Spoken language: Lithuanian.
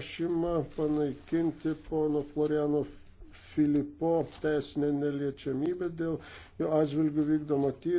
prašymą panaikinti pono Floriano Filipo teisinę neliečiamybę dėl jo atžvilgių vykdomo tyrimo.